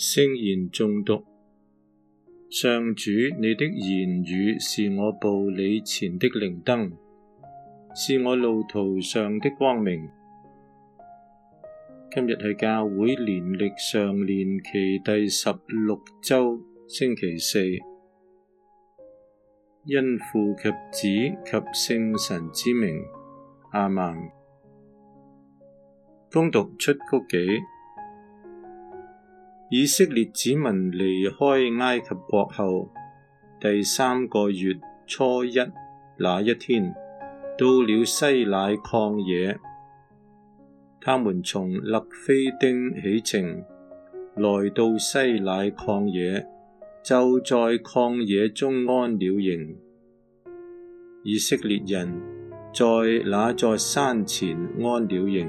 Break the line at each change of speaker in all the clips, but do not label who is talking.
聖言誦讀。上主，你的言語是我步履前的靈燈，是我路途上的光明。今日係教會年曆上常年期第十六周星期四，因父及子及聖神之名，阿們。恭讀出谷紀。以色列子民離開埃及國後，第三個月初一那一天，到了西乃曠野，他們從勒非丁起程，來到西乃曠野，就在曠野中安了營。以色列人在那座山前安了營。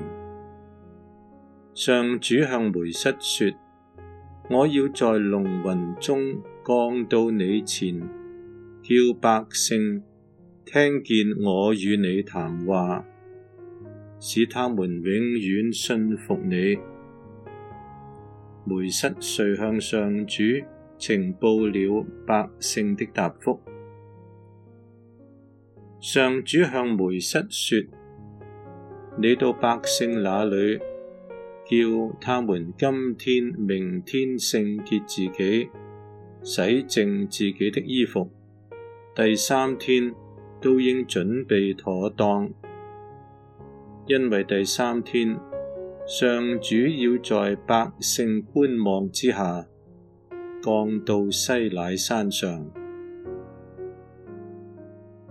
上主向梅瑟說。我要在濃雲中降到你前，叫百姓聽見我與你談話，使他們永遠信服你。梅瑟遂向上主呈報了百姓的答覆，上主向梅瑟說：你到百姓那裏。叫他們今天、明天聖潔自己，洗淨自己的衣服。第三天都應準備妥當，因為第三天上主要在百姓觀望之下降到西乃山上。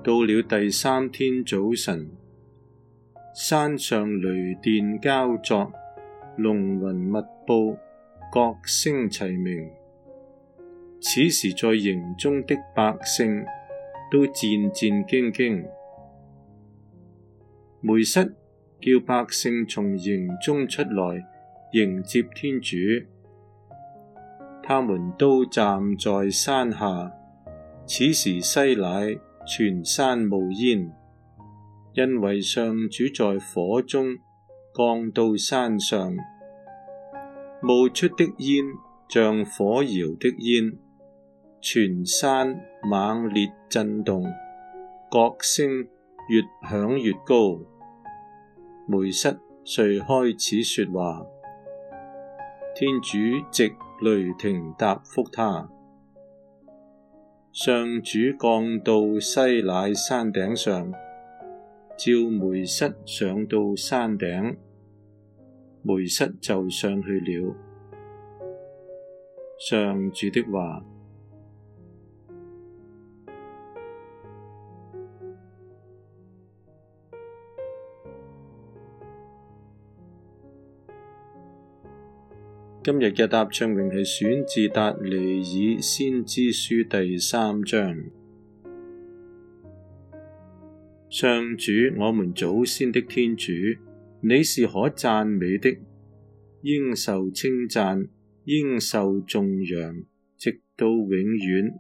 到了第三天早晨，山上雷電交作。龍雲密布，各聲齊鳴。此時在營中的百姓都戰戰兢兢。梅室叫百姓從營中出來迎接天主，他們都站在山下。此時西乃全山冒煙，因為上主在火中。降到山上，冒出的煙像火窑的煙，全山猛烈震動，角聲越響越高。梅瑟遂開始說話，天主藉雷霆答覆他，上主降到西乃山頂上。召梅瑟上到山頂，梅瑟就上去了。上主的話，今日嘅答唱詠係選自達尼爾先知書第三章。上主，我們祖先的天主，你是可讚美的，應受稱讚，應受頌揚，直到永遠。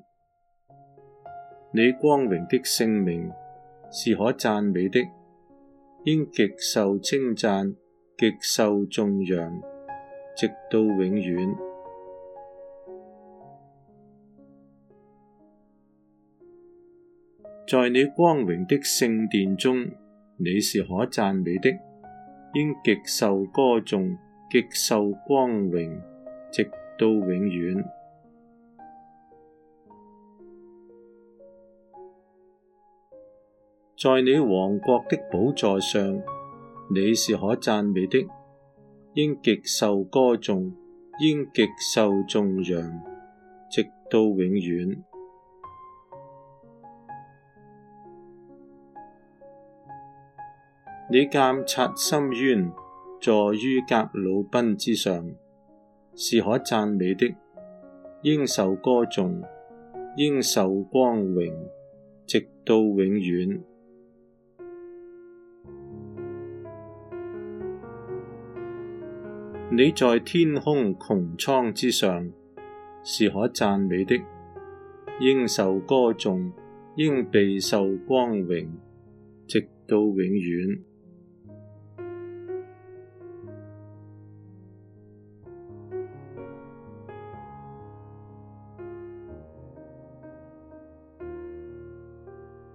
你光榮的聖名，是可讚美的，應極受稱讚，極受頌揚，直到永遠。在你光榮的聖殿中，你是可讚美的，應極受歌頌，極受光榮，直到永遠。在你王國的寶座上，你是可讚美的，應極受歌頌，應極受頌揚，直到永遠。你監察深淵，坐於革魯賓之上，是可讚美的，應受歌頌，應受光榮，直到永遠。你在天空穹蒼之上，是可讚美的，應受歌頌，應備受光榮，直到永遠。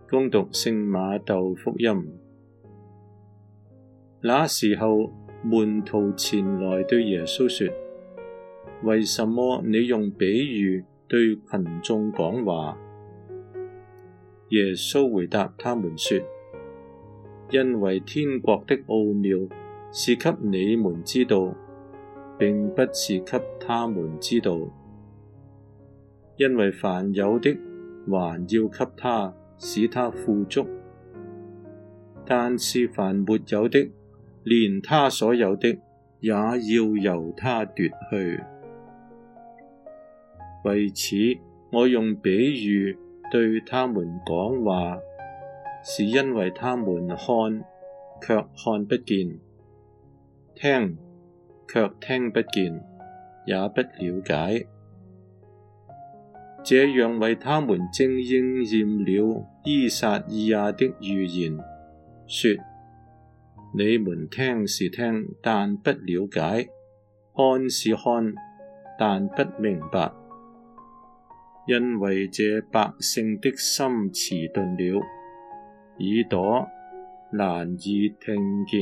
恭讀聖馬竇福音，那時候，門徒前來對耶穌說：為什麼你用比喻對群眾講話？耶穌回答他們說：因為天國的奧妙是給你們知道，並不是給他們知道。因為凡有的，還要給他。使他富足，但是凡沒有的，連他所有的，也要由他奪去。為此，我用比喻對他們講話，是因為他們看，卻看不見，聽，卻聽不見，也不了解。這樣為他們正應驗了依撒意亞的預言，說：你們聽是聽，但不了解；看是看，但不明白。因為這百姓的心遲鈍了，耳朵難以聽見，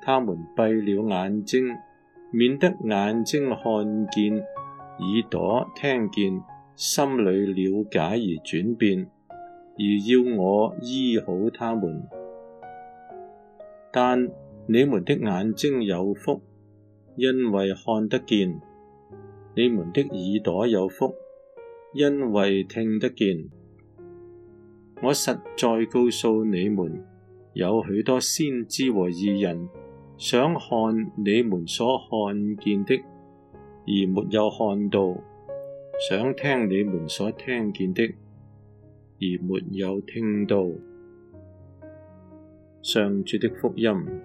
他們閉了眼睛，免得眼睛看見。耳朵聽見，心裏了解而轉變，而要我醫好他們。但你們的眼睛有福，因為看得見；你們的耳朵有福，因為聽得見。我實在告訴你們，有許多先知和義人想看你們所看見的。而沒有看到，想聽你們所聽見的，而沒有聽到。上主的福音。